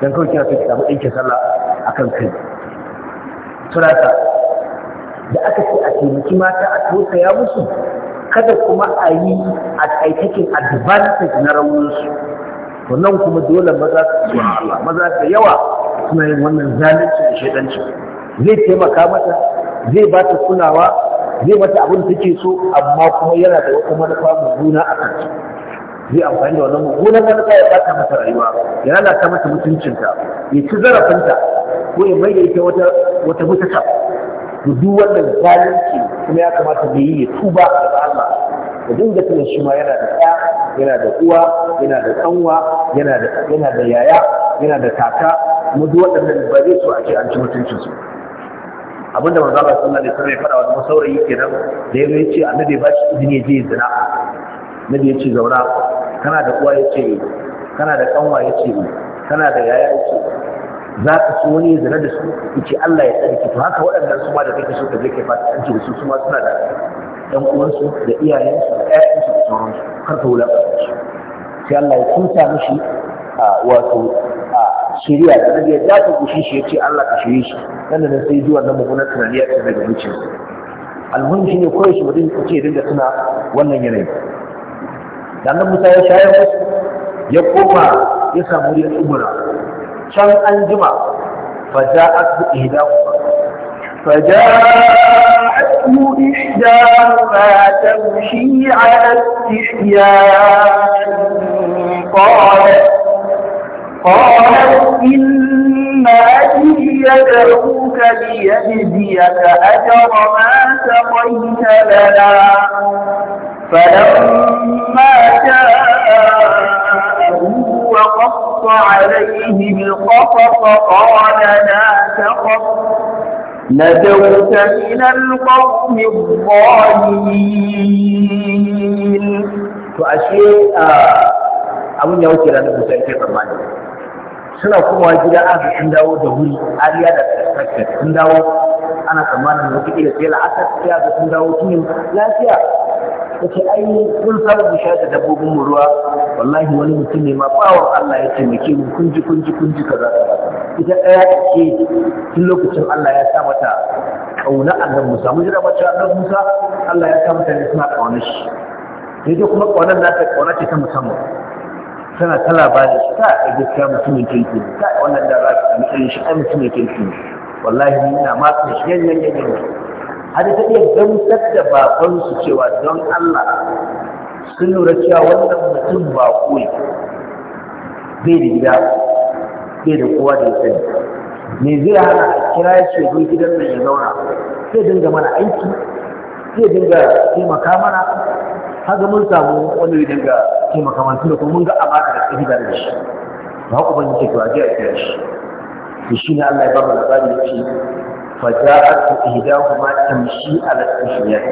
S1: dan kawai kina so ki samu ɗinke sallah a kan kai turata da aka ce a taimaki mata a tausaya musu kada kuma a yi a taitakin advantage na rauninsu to nan kuma dole maza su zuwa Allah maza da yawa suna yin wannan zalunci da shaidanci zai taimaka mata zai ba ta kulawa zai mata abin da take so amma kuma yana da wata manufa mummuna a kansu zai amfani da wannan mummunan manufa ya ɓata mata rayuwa ya lalata mata mutuncinta ya ci zarafinta ko ya mai da ita wata wata mutaka to duk wannan zalunci kuma ya kamata da yi ya tuba daga Allah Ku dinga tunan shi ma yana da ɗa yana da uwa yana da kanwa yana da yana da yaya yana da kaka kuma duk waɗannan ba zai so a ce an ci mutuncinsu abinda manzo Allah sallallahu alaihi wasallam ya fara wa saurayi kenan da yayin ya ce annabi ba shi izini ya je zina annabi ya ce zauna kana da uwa ya ce kana da kanwa ya ce kana da yaya ya ce za ka so ne zana da su ce Allah ya tsarki to haka waɗannan su ma da kake so ka je ka fata an ce su su ma suna da ɗan uwansu da iyayensu da ƴaƴansu da sauransu kar ka wulaƙanta su sai Allah ya kunta mishi wato shirya. da nabi ya dafa kushi shi ya ce Allah ka shirye shi nan da sai zuwa nan mugunan tunani ya daga zuciyarsa almuhim shine koyaushe mutum ya ce dinga tuna wannan yanayi da annabi Musa ya shayar musu ya koma ya samu wurin umra can an jima fa ja'at ihdahu fa
S2: ja'at ihdahuma tamshi 'ala istihya' qalat قالت إن أبي يدعوك ليجزيك أجر ما سقيت لنا فلما جاءه وقص عليه القصص قال لا تخف
S1: نجوت من
S2: القوم الظالمين
S1: فأشياء أبو يوكي لنا مسألة الرحمن suna kuma gida aka sun dawo da wuri ariya da tsakkar sun dawo ana tsammanin wata ila sai la'asar sai aka sun dawo tunin lafiya ta ce ai kun saba bisha da dabbobin mu ruwa wallahi wani mutum ne ma bawon Allah ya taimake mu kun ji kun ji kun ji kaza ita ɗaya ce tun lokacin Allah ya sa mata kauna annabi Musa mun jira mace annabi Musa Allah ya sa mata ne suna kauna shi sai dai kuma kaunar nata kauna ce ta musamman tana da shi ta a gaskiya mutumin kirki ne ta wannan da za a sami irin shi ai mutumin kirki ne wallahi ni ina ma su shi yanyan yanyan har ta iya gamsar da babansu cewa don Allah sun lura cewa wannan mutum ba koyi bai da gida bai da kowa da ya sani me zai hana a kira shi zo gidan nan ya zauna zai dinga mana aiki zai dinga taimaka mana haka mun samu wani idan ga taimaka mantu da kuma mun ga amata da tsari da shi ba ku ban yake tuwa jiya kira shi da shi ne Allah ya ba mu labari ya ce kuma ta mishi tamshi ala tashriyat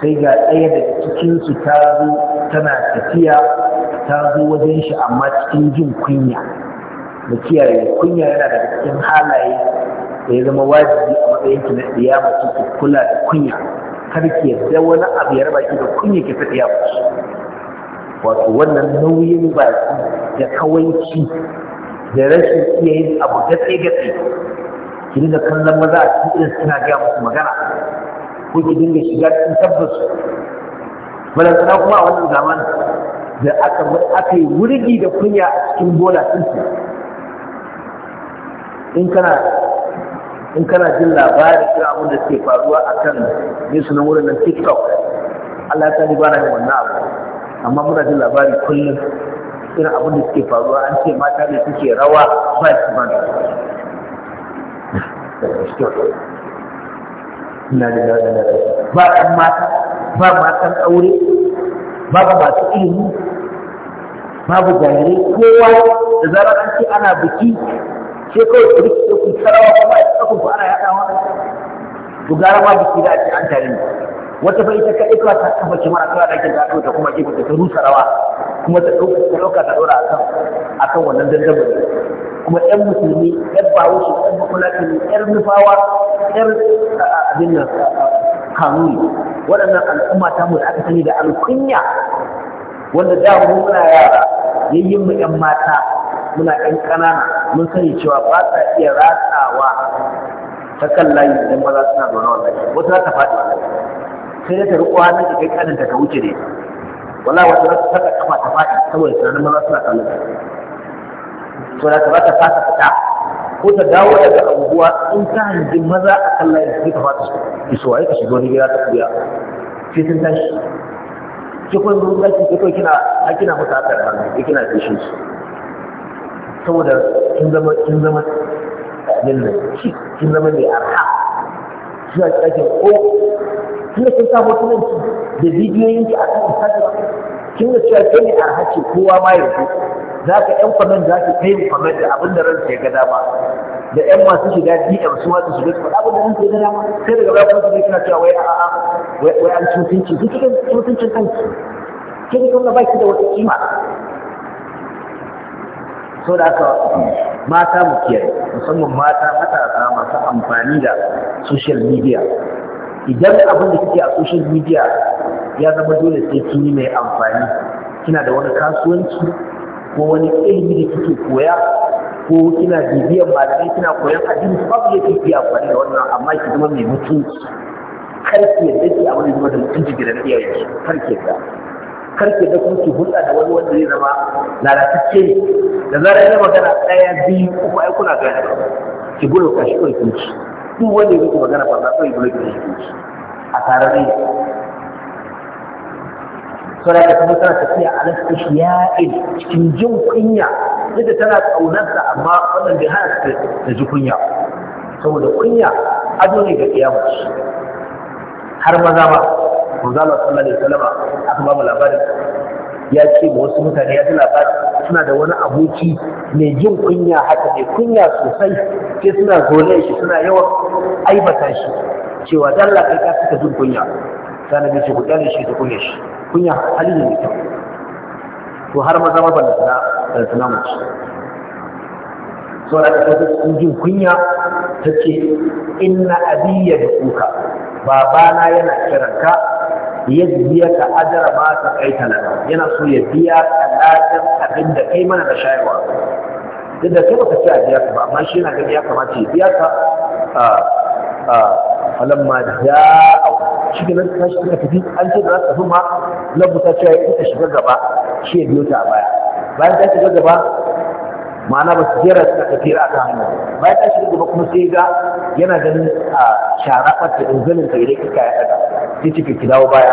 S1: sai ga ɗaya da cikinsu su ta zo tana tafiya ta zo wajen shi amma cikin jin kunya da kiyaye kunya yana da cikin halaye da ya zama wajibi a matsayin ki na ɗiya mace ki kula da kunya karki yadda wani abu ya raba ki da kunya ki fita ya fushi wato wannan nauyin baki da kawanci, da rashin iya yin abu gatse gatse ki dinga kallon maza a cikin irin suna gaya musu magana ko ki dinga shiga cikin tabbas balantana kuma a wannan zamanin da aka aka yi wurgi da kunya a cikin bola ɗinsu in kana in kana jin labarin irin abin da ke faruwa akan yin sunan wurin nan tiktok Allah ya ni bana yin wannan abu amma muna jin labari kullum irin abin da suke faruwa an ce mata ne suke rawa ba su ba da ba ɗan mata ba matan aure babu masu ilimi babu jahilai kowa da zarar an ce ana biki sai kawai ku rike ku sarawa kuma a cikin ku ana yaɗawa to gara ma biki da ake an tare wata fa ita kaɗai kawai ta kafa ce mara kawai dakin ta ta kuma ke ta rusa rawa kuma ta ɗauka ta ɗora a kan wannan dandamar kuma ƴan musulmi ƴan bawushi ƴan bakulaki ne ƴan nufawa ƴan abin nan kanuni waɗannan al'umma ta mu da aka sani da alkunya wanda da mu muna yara yayyin mu 'yan mata muna ɗan ƙanana mun sani cewa ba sa iya ratsawa ta kan layi idan maza suna zaune wallahi wata za ta faɗi sai dai ta riƙo hannun ta kai ƙaninta ta wuce dai Wala wata za ta saka kafa ta faɗi saboda tunanin maza suna kallon to da ta ba ta fasa fita ko ta dawo daga abubuwa in ta hanji maza a kan layi sai ta su? isuwa ya ka shiga wani gida ta kuya sai sun tashi ki kun zo zaki ki kina kina mutu haka da hannu kina fishin su saboda kin zama kin zama yin nan shi kin zama mai arha suna a tsakin ko kin da kin sa hotunan da bidiyoyin ki a kan Instagram kin da cewa kai ne arha ce kowa ma yanzu za ka yan comment za ka kai comment da abin da ranka ya ga dama da yan masu shiga DM su masu shiga su abin da ranka ya ga dama sai daga baya kuma su kina cewa wai a'a wai an cutunci duk kin cutuncin kanki
S2: kin kuma baki da wata kima
S1: sau da aka mata mu kiyaye musamman mata matasa masu amfani da social media idan abin da kike a social media ya zama dole sai kini mai amfani kina da wani kasuwanci ko wani ilimi da kike koya ko kina bibiyan malamai kina koyan addini babu yake kike amfani da wannan amma ki zama mai mutunci kar ki yadda ki abin da zama da mutunci gidan iyayen kar ki yadda karke da kuma ki hulɗa da wani wanda ya zama lalatacce ne da zarar ya magana ɗaya biyu kuma ai kuna gane ki gudu ka shi kai kinci duk wanda ya magana ba za ka yi gudu ki kinci a tare da shi sai ka kuma tana tafiya a lasta shi ya'in cikin jin kunya yadda tana ƙaunarsa amma wannan bai hana ta da ji kunya saboda kunya ado ne ga kiyamaci har maza ba manzala sallallahu alaihi wasallam aka ba mu labarin ya ce ma wasu mutane ya ji labarin suna da wani aboki mai jin kunya haka mai kunya sosai sai suna zole shi suna yawan aibata shi cewa dan kai ka suka jin kunya sai na ce ku kyale shi ku kunya shi kunya hali ne kyau to har maza ma ban da sana mace so da ta ta jin kunya tace inna abiyya da kuka babana yana kiranka ajara ba ta saqaita lana yana so ya biya ka abin da kai mana da shayarwa duk da kai baka ci a biya ka ba amma shi yana gani ya kamata ya biya ka a a falamma ja'a shi ke nan ta shi tafi an ce da za su tafi ma labuta cewa ya ita shiga gaba shi ya biyo ta a baya bayan ta shiga gaba ma'ana ba su jera suka tafi a kan hanyar bayan ta shiga gaba kuma sai ga yana ganin a shara ɓata ɗin zanen ta idan kika ya ɗaga ya ce ki dawo baya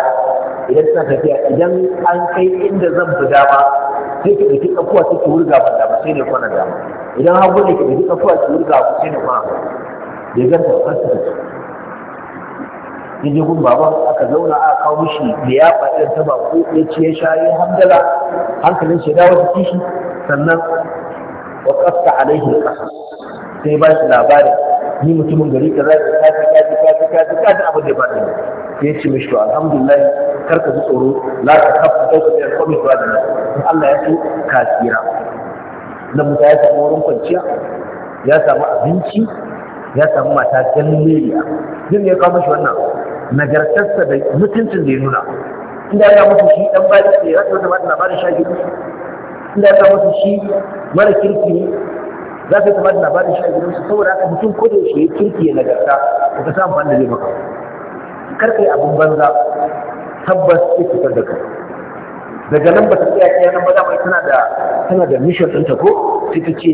S1: idan tana tafiya idan an kai inda zan fi dama sai ki ɗauki tsakuwa ta ki wurga ban dama sai ne kwana dama idan hagu ne ki ɗauki tsakuwa ki wurga ku sai ne kwana da ya ganta kansa da su ya je gun baban aka zauna aka kawo mishi da ya faɗi ta bako ya ce ya sha ya hamdala hankalin shi ya dawo jiki shi sannan wa kasta alaihi sai ba shi labarin ni mutumin gari kaza da kaji kaji kaji kaji kaji abin da ba ta ya ce mishi to alhamdulillah kar ka ji tsoro la ta kafa da ba da Allah ya so ka tsira na mutu ya samu wurin kwanciya ya samu abinci ya samu mata galileya zai ya kawo mishi wannan nagartarsa da mutuncin da ya nuna inda ya mutu shi dan bari ne ya rasa wata labarin shagiri inda ya mutu shi mara kirki ne za su yi kamar da labarin shi a gidansu saboda haka mutum ko da shi ya kirki ya nagarta ko ka sa amfani zai maka kar ka abin banza tabbas ya fitar da kai daga nan ba ta tsaya kiyar nan ba za tana da tana da mission ɗinta ko sai ta ce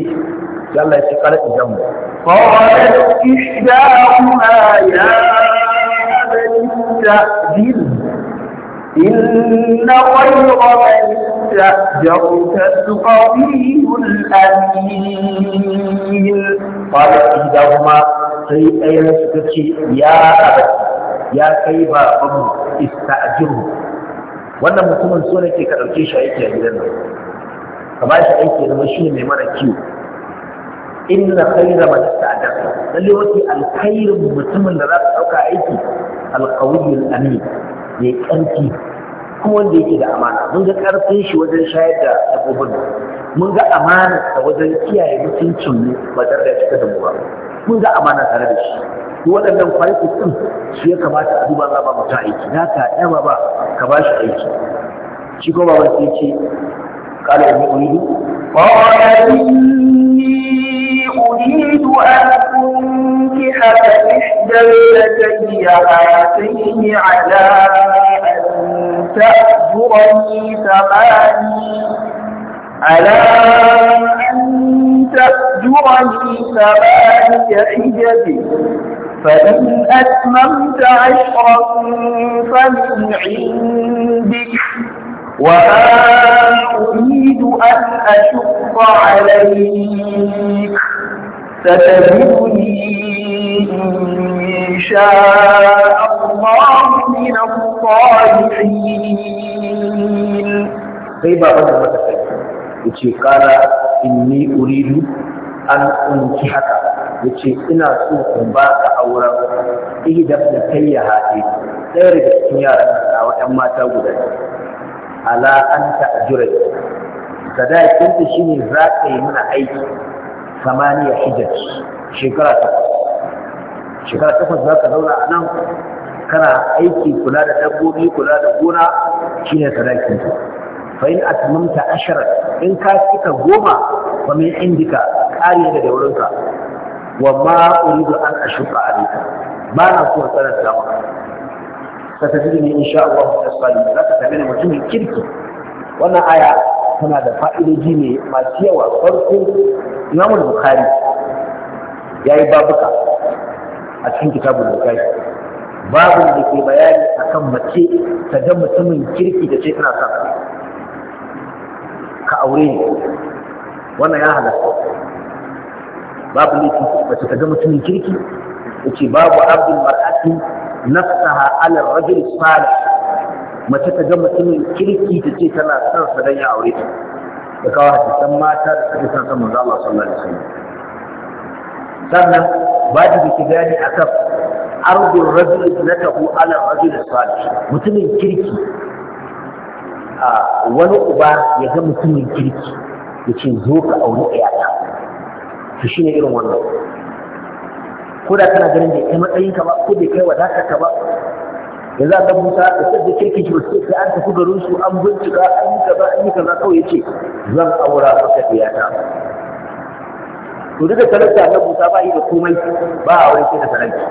S1: ya Allah ya ce kala idan mu قالت ya يا
S2: ta تأذن إن خير من استأجرت القوي الأمين قال إحداهما
S1: sai ɗayan suka ce ya abai ya kai ba babu ista'jiru wannan mutumin so nake ka ɗauke shi aiki a gidan nan ka ba shi aiki na shi ne mai mara kiwo inna khayra man ista'jarta lalle wasi alkhairin mutumin da za ka ɗauka aiki alqawiyul amin ya ƙarfi kuma wanda yake da amana mun ga ƙarfin shi wajen shayar da abubuwan mun ga amana da wajen kiyaye mutuncin mu ba da cika da mu ba mun ga amana tare da shi ko waɗannan kwalifi ɗin su ya kamata a duba za ba mutum aiki na ka ɗaya ba ka ba shi aiki shi ko ba ce قال إني
S2: أريد قال إني أريد أن أنكح إحدى ابنتي هاتين على أن تأجرني ثماني على أن تأجرني ثماني حجج
S1: فإن
S2: أتممت عشرا فمن عندك وما أريد أن أشق عليك
S1: ستجدني
S2: إن شاء الله من الصالحين
S1: كيف أردت yace kara inni uridu an unki haka yace ina so in baka auren ihdaf da kayya hati ɗaya daga cikin yaran da waɗannan mata guda ala an ta'jurai sadakin ta shine za ka yi mana aiki samaniya hijjaj shekara takwas shekara takwas za ka zauna a nan kana aiki kula da dabbobi kula da gona shine sadakin ta fa in atmamta ashara in ka cika goma fa min indika kare daga wurinka wa ma uridu an ashuqa alayka ba na so tsara maka ستجدني إن شاء الله من الصالحين لا تتمنى وجوه الكرك وانا آية هنا ده فائدة جيني ما سيوا فرق إمام البخاري يا بابك أتفين كتاب البخاري باب اللي في بيان أكم مكي تدم تمن كرك ده شيء أنا أصاب كأورين وانا يا هلا باب اللي في بس تدم تمن كرك وكي باب عبد المرأة nafsaha ala rajul salih mace ta ga mutumin kirki ta ce tana son sa dan ya aure ta da kawo hadisan mata da suka san san manzo Allah sallallahu alaihi wasallam sannan wajibi ki gani akan ardul rajul ibnatahu ala rajul salih mutumin kirki a wani uba ya ga mutumin kirki ya ce zo ka aure ɗaya ta to shine irin wannan ko da kana ganin bai kai matsayinka ba ko bai kai ka ba yanzu a kan musa da sadda kirkin shi wasu sai an tafi garin su an bincika an yi kaza an yi kaza kawai yace zan aura maka diyata to duka talauta na musa ba yi da komai ba a wani sai da talauci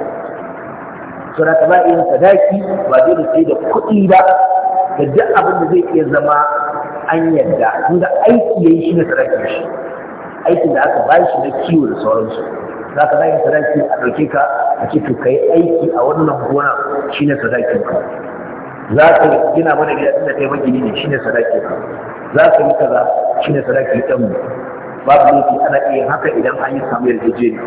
S1: sura ta ba yin sadaki ba dole sai da kuɗi ba da duk abin da zai iya zama an yadda tunda aiki ya yi shi na sadaki shi aikin da aka ba shi na kiwo da sauransu za ka zagin sadaki a ɗauke ka a ciki ka yi aiki a wannan gona shi ne sadakin ka za ka gina mana gida inda yi magini ne shi ne sadakin ka za ka yi kaza shi ne sadakin ɗan mu babu laifi ana iya haka idan an yi samu yarjejeniya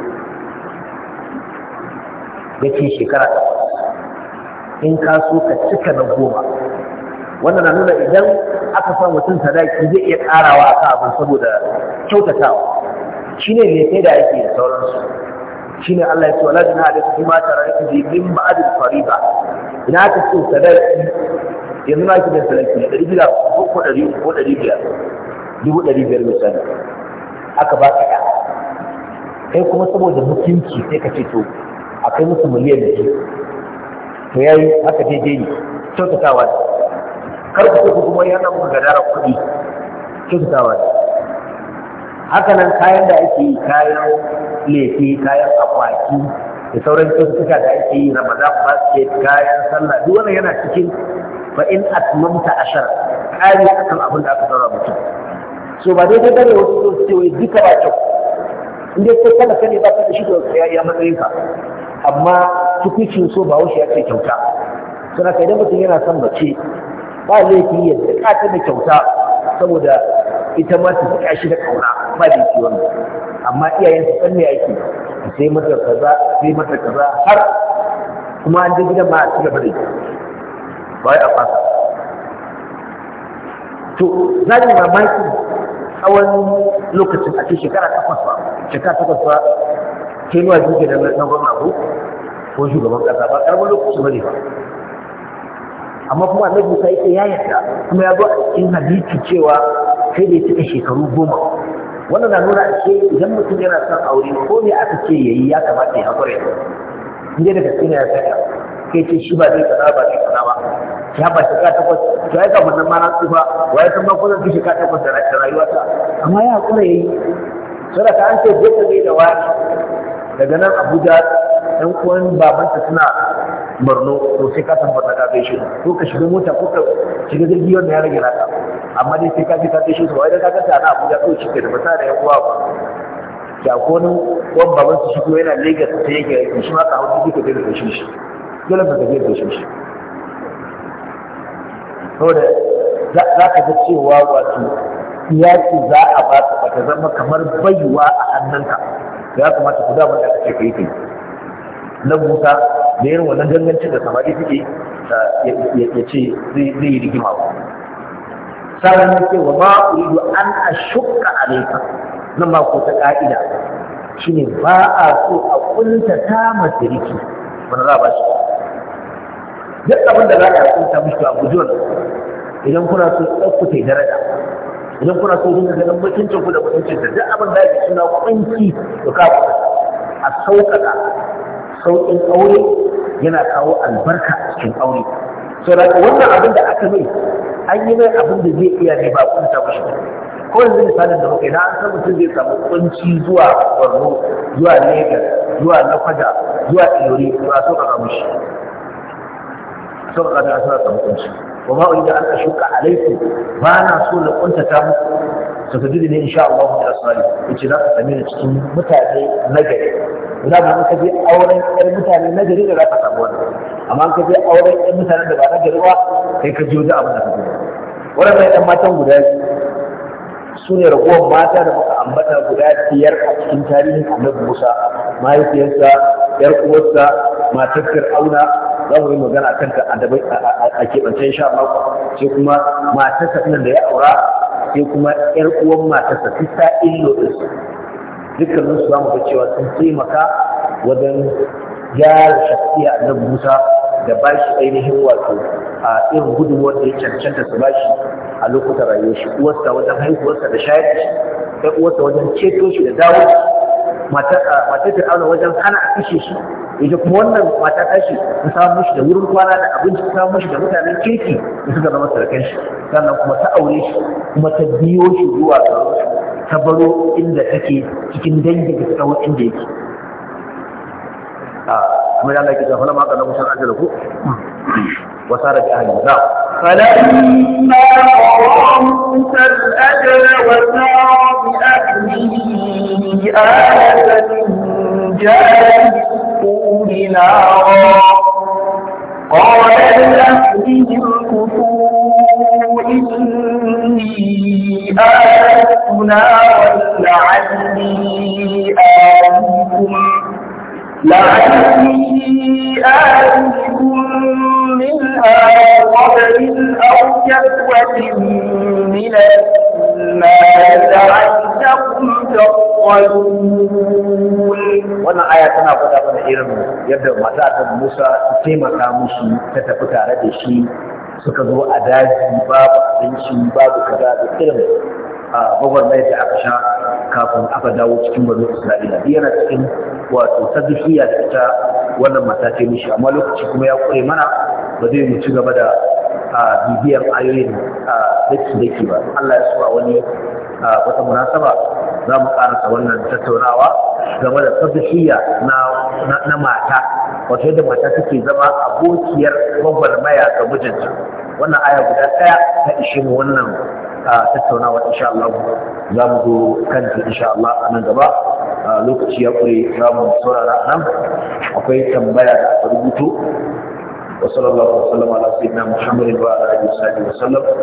S1: ya shekara in ka so ka cika na goma wannan na nuna idan aka sa mutum sadaki zai iya karawa a kan abin saboda kyautatawa shi ne mai sai da ake da sauransu ne Allah ya ce wala jina da kuma tare da ji min ba'd fariba ina ka ce sadaki yanzu na ki da sadaki dari bila ko ko dari ko dari biyar dubu dari biyar misali aka ba ka ya kai kuma saboda mutunci sai ka ce to akai musu miliyan biyu to yayi aka daidai ne kyautatawa ne kar ku ce kuma ya yana mun gadara kuɗi kyautatawa ne haka nan kayan da ake yi kayan laifi kayan akwaki da sauran cututtuka da ake yi ramadan basket kayan sallah duk wannan yana cikin fa in atmamta ashar kari akan abin da aka saura mutum so ba dai dai wasu su ce wai duka ba kyau in dai ko kana sani ba ka shi da ya matsayin ka amma tukucin so ba wuce ya ce kyauta suna kai idan mutum yana son mace ba laifi ya ka ta da kyauta saboda ita ma ta saka shi da kauna ba da shi wannan amma iyayen su ya me yake sai mata kaza sai mata kaza har kuma an jirgin gidan ma a ci gaba da ba ya fasa to za ni mamaki tsawon lokacin a ce shekara takwas ba shekara takwas ba ke nuna jirgin da na gwamna ko ko shugaban kasa ba karamin lokacin ba ne ba amma kuma na Musa ita ya yarda kuma ya zo a cikin hadisi cewa sai dai suka cika shekaru goma wannan na nuna ce idan mutum yana son aure ko ne aka ce ya yi ya kamata ya haƙura ya inda da gaske ne ya saka. kai ce shi ba zai kaza ba zai kaza ba ya ba ka takwas ya yi kafin nan ma na tsufa wa ya san ba ko zan fi takwas da rayuwata
S2: amma ya haƙura ya yi
S1: saboda ka an ce je zai da wani daga nan abuja ɗan uwan babanta suna barno to sai ka san barna ka kai shi ko ka shiga mota ko ka shiga jirgi wanda ya rage naka amma dai sai ka ji ka kai shi to wai da ka ga na abuja kawai shi ke da masa da yan uwa ba ya kono wani baban su shi ko yana lagos sai yake shi ma ka hawo shi ka je da kai shi dole ka je da shi shi saboda za ka ga cewa wato ce za a ba ka ba ta zama kamar baiwa a hannunka ya kamata ku damar da aka ce kai kai Na musa da yin wannan gangancin da samari suke ya ce zai yi rigima ba sa'an nan ce wa ma uridu an ashukka a nan ba ko ta shi ne ba a so a kunta ta riki wani za ba shi duk abin da za a kunta mishi a guji wani, idan kuna so ɗauku ta daraja idan kuna so dinga ganin mutuncin ku da mutuncin da duk abin da ya suna kunci da kafa a sauƙaƙa sauƙin aure yana kawo albarka a cikin aure so da wannan abin da aka mai an yi mai abin da zai iya ne ba kunta mashi ko yanzu misalin da muka yi na an san mutum zai samu kunci zuwa borno zuwa lagos zuwa lakwaja zuwa ilori to a sauƙaƙa mashi sauƙaƙa da a samu kunci wa ma uridu an shuka alaikum ba na so na kuntata muku su ne insha Allah da asali yace za ka sami ni cikin mutane na gari to da ba ka je auren ƴan mutane na gari da za ka samu wannan amma ka je auren ƴan mutane da ba na gari ba kai ka jiyo da abin da ka Wani mai ƴan matan guda su ne ragowar mata da muka ambata guda biyar a cikin tarihin na musa mahaifiyarsa yar uwarsa matar fir'auna za mu yi magana kan ta a keɓance sha mako. sai kuma matarsa nan da ya aura sai kuma yar uwar matarsa fita illo ɗinsu dukkanin su zamu ga cewa sun taimaka wajen gyara shakhsiya annabi Musa da bashi ainihin wato a irin gudunmuwar da ya cancanta su bashi a lokutan rayuwar shi uwarsa wajen haihuwarsa da shayar da shi ɗan uwarsa wajen ceto shi da dawo matar fir'auna wajen hana a kashe shi ita kuma wannan mata tashi ta samu mishi da wurin kwana da abinci ta samu mishi da mutanen kirki da suka zama sarkan shi sannan kuma ta aure shi kuma ta biyo shi zuwa ga ta baro inda take cikin dangi da tsawon inda yake a ah, kuma ya laƙi zafala ma ƙanan musan ajiyar ku wasa da jihar yanzu فلما
S2: قضى موسى الأجل وسار بأهله آلة من جانب نارا قال لأهلهم كفوا إني آلت نارا لعلي آلكم لعلي آتكم منها بقبل أو شهوة من النار لعلكم تصطلون
S1: wannan aya tana faɗa mana irin yadda mata Musa ta taimaka musu ta tafi tare da shi suka zo a daji babu abinci babu kaza da irin a gwagwarmayar da aka sha kafin aka dawo cikin banu isra'ila duk yana cikin wato saddukiya da ita wannan mata ce mishi amma lokaci kuma ya kure mana ba zai mu ci gaba da bibiyar ayoyin daki-daki ba Allah ya so a wani wata munasaba za mu karasa wannan tattaunawa game da saddukiya na mata wato yadda mata take zama abokiyar gwagwarmaya ga mijinta wannan aya guda ɗaya ta ishe mu wannan tattaunawa insha Allah za mu zo kanta insha Allah a nan gaba lokaci ya kure za mu saurara nan akwai tambaya da rubutu, rubuto wa sallallahu alaihi wa sallam ala sayyidina Muhammadin wa ala alihi wa sallam